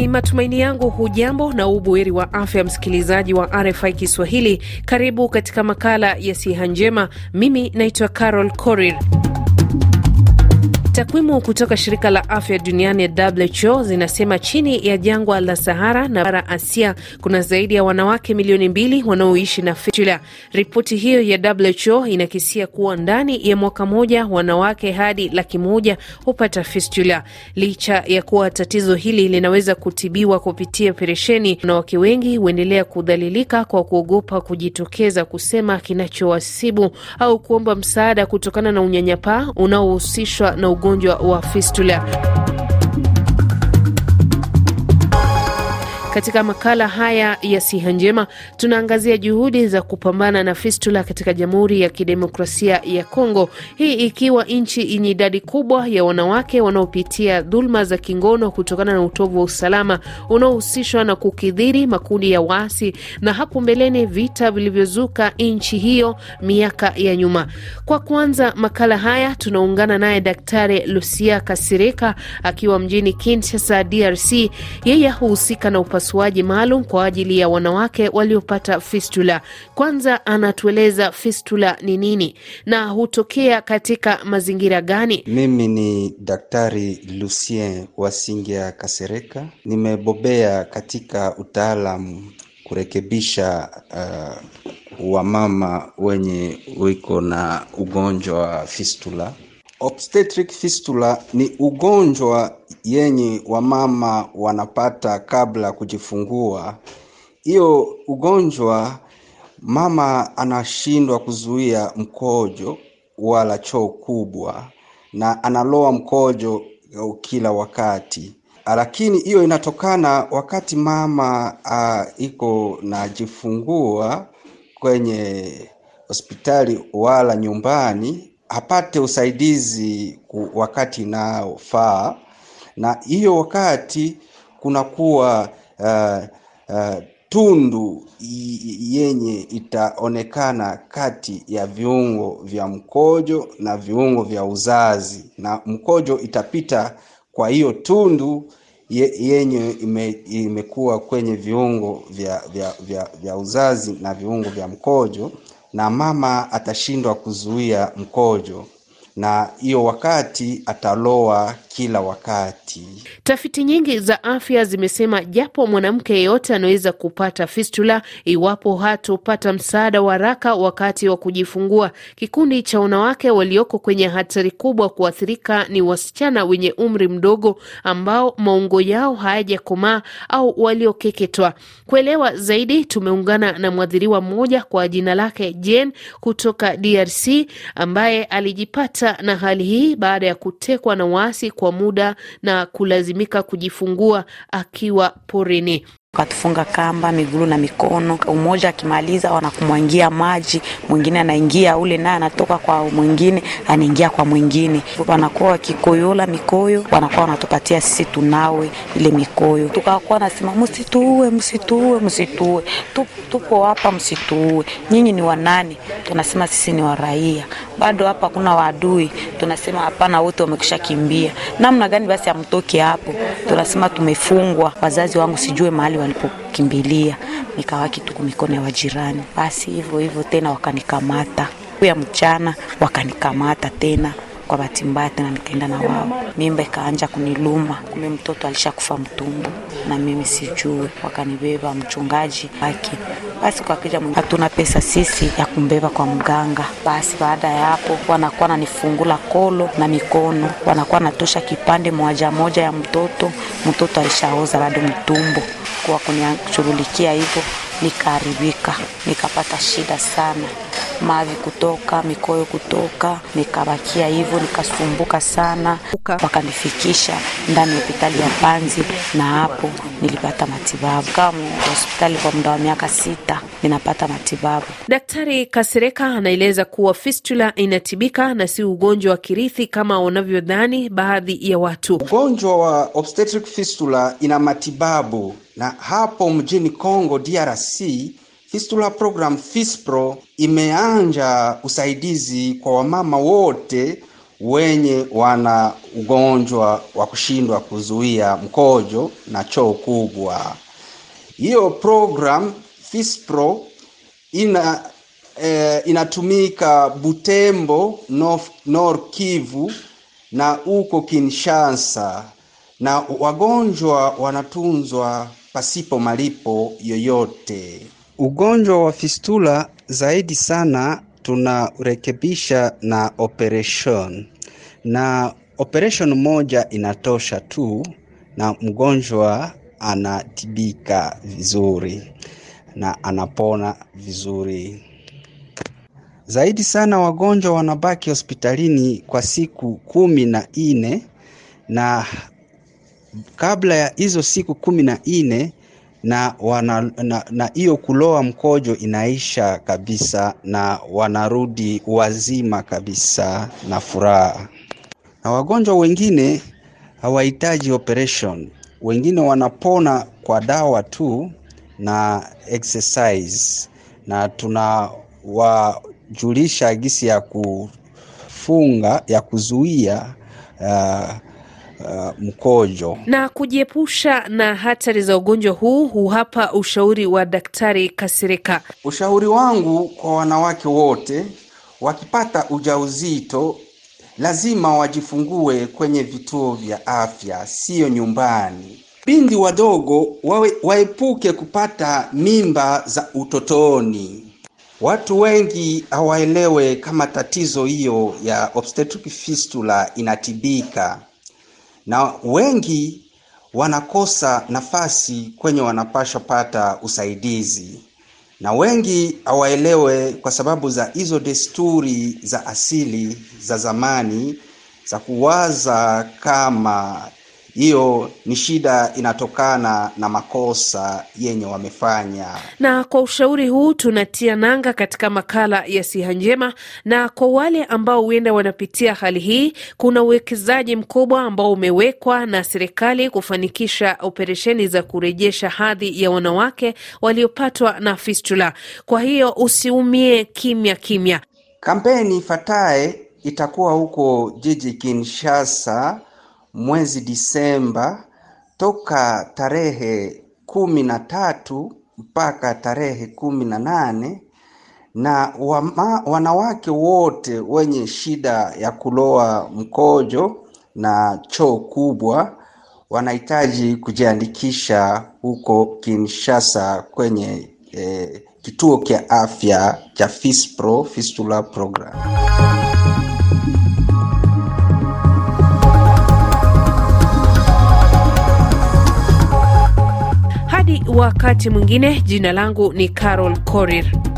Ni matumaini yangu hujambo na ubuheri wa afya, msikilizaji wa RFI Kiswahili. Karibu katika makala ya siha njema. Mimi naitwa Carol Korir. Takwimu kutoka shirika la afya duniani WHO zinasema chini ya jangwa la Sahara na bara Asia kuna zaidi ya wanawake milioni mbili wanaoishi na fistula. Ripoti hiyo ya WHO inakisia kuwa ndani ya mwaka moja wanawake hadi laki moja hupata fistula. Licha ya kuwa tatizo hili linaweza kutibiwa kupitia operesheni, wanawake wengi huendelea kudhalilika kwa kuogopa kujitokeza kusema kinachowasibu au kuomba msaada kutokana na unyanyapaa unaohusishwa na ugonjwa wa fistula. Katika makala haya ya siha njema, tunaangazia juhudi za kupambana na fistula katika Jamhuri ya Kidemokrasia ya Kongo, hii ikiwa nchi yenye idadi kubwa ya wanawake wanaopitia dhuluma za kingono kutokana na utovu wa usalama unaohusishwa na kukidhiri makundi ya waasi na hapo mbeleni vita vilivyozuka nchi hiyo miaka ya nyuma. Kwa kuanza makala haya, tunaungana naye Daktari Lucia Kasireka akiwa mjini Kinshasa, DRC. Yeye huhusika na upasu upasuaji maalum kwa ajili ya wanawake waliopata fistula. Kwanza anatueleza fistula ni nini na hutokea katika mazingira gani. Mimi ni Daktari Lucien Wasingia Kasereka, nimebobea katika utaalamu kurekebisha uh, wamama wenye wiko na ugonjwa wa fistula. Obstetric fistula ni ugonjwa yenye wamama wanapata kabla kujifungua hiyo ugonjwa mama anashindwa kuzuia mkojo wala choo kubwa na analoa mkojo kila wakati lakini hiyo inatokana wakati mama uh, iko najifungua kwenye hospitali wala nyumbani apate usaidizi wakati inayofaa na hiyo wakati kunakuwa uh, uh, tundu yenye itaonekana kati ya viungo vya mkojo na viungo vya uzazi, na mkojo itapita kwa hiyo tundu yenye ime, imekuwa kwenye viungo vya, vya, vya, vya uzazi na viungo vya mkojo, na mama atashindwa kuzuia mkojo na hiyo wakati ataloa kila wakati. Tafiti nyingi za afya zimesema japo mwanamke yeyote anaweza kupata fistula iwapo hatopata msaada wa haraka wakati wa kujifungua. Kikundi cha wanawake walioko kwenye hatari kubwa kuathirika ni wasichana wenye umri mdogo ambao maungo yao hayajakomaa au waliokeketwa. Kuelewa zaidi, tumeungana na mwathiriwa mmoja kwa jina lake Jen kutoka DRC ambaye alijipata Kutokana na hali hii, baada ya kutekwa na waasi kwa muda na kulazimika kujifungua akiwa porini. Katufunga kamba miguu na mikono, umoja akimaliza wanakumwangia maji, mwingine anaingia ule naye anatoka kwa mwingine, anaingia kwa mwingine, wanakuwa wakikoyola mikoyo, wanakuwa wanatupatia sisi tunawe ile mikoyo. Tukakuwa nasema msituue, msituue, msituue, tupo hapa, msituue, nyinyi ni wanani? Tunasema sisi ni waraia, bado hapa kuna waadui tunasema hapana, wote wamekusha kimbia. Namna gani basi amtoke hapo? Tunasema tumefungwa, wazazi wangu sijue mahali walipokimbilia, nikawaki tuku mikono ya wajirani. Basi hivyo hivyo tena wakanikamata ya mchana, wakanikamata tena kwa bahati mbaya tena nikaenda na wao, mimba ikaanja kuniluma, kumbe mtoto alishakufa mtumbo, na mimi sijui. Wakanibeba mchungaji wake, basi kakija, hatuna pesa sisi ya kumbeba kwa mganga. Basi baada ya hapo, wanakuwa nanifungula kolo na mikono, wanakuwa natosha kipande moja moja ya mtoto. Mtoto alishaoza bado mtumbo, kwa kunishughulikia hivyo nikaharibika, nikapata shida sana, mavi kutoka, mikoyo kutoka, nikabakia hivyo, nikasumbuka sana, wakanifikisha ndani ya hospitali ya Panzi, na hapo nilipata matibabu kama hospitali kwa muda wa miaka sita, ninapata matibabu. Daktari Kasereka anaeleza kuwa fistula inatibika na si ugonjwa wa kirithi kama wanavyodhani baadhi ya watu. Ugonjwa wa obstetric fistula ina matibabu na hapo mjini Congo DRC, Fistula Program Fispro imeanja usaidizi kwa wamama wote wenye wana ugonjwa wa kushindwa kuzuia mkojo na choo kubwa. Hiyo program Fispro ina e, inatumika Butembo, North, North Kivu na huko Kinshasa na wagonjwa wanatunzwa pasipo malipo yoyote. Ugonjwa wa fistula zaidi sana tunarekebisha na operation, na operation moja inatosha tu, na mgonjwa anatibika vizuri na anapona vizuri. Zaidi sana wagonjwa wanabaki hospitalini kwa siku kumi na nne na kabla ya hizo siku kumi na nne na hiyo na, na kuloa mkojo inaisha kabisa na wanarudi wazima kabisa na furaha. Na wagonjwa wengine hawahitaji operation, wengine wanapona kwa dawa tu na exercise, na tunawajulisha gisi ya kufunga ya kuzuia uh, Uh, mkojo na kujiepusha na hatari za ugonjwa huu huhapa ushauri wa Daktari Kasirika. Ushauri wangu kwa wanawake wote wakipata ujauzito lazima wajifungue kwenye vituo vya afya, siyo nyumbani. Pindi wadogo wawe, waepuke kupata mimba za utotoni. Watu wengi hawaelewe kama tatizo hiyo ya obstetric fistula inatibika na wengi wanakosa nafasi kwenye wanapashwa pata usaidizi, na wengi hawaelewe kwa sababu za hizo desturi za asili za zamani za kuwaza kama hiyo ni shida inatokana na makosa yenye wamefanya. Na kwa ushauri huu tunatia nanga katika makala ya siha njema, na kwa wale ambao huenda wanapitia hali hii, kuna uwekezaji mkubwa ambao umewekwa na serikali kufanikisha operesheni za kurejesha hadhi ya wanawake waliopatwa na fistula. Kwa hiyo usiumie kimya kimya. Kampeni fatae itakuwa huko jiji Kinshasa mwezi Disemba toka tarehe kumi na tatu mpaka tarehe kumi na nane na wama, wanawake wote wenye shida ya kuloa mkojo na choo kubwa wanahitaji kujiandikisha huko Kinshasa kwenye eh, kituo cha afya cha Fispro Fistula Program. wakati mwingine. Jina langu ni Carol Korir.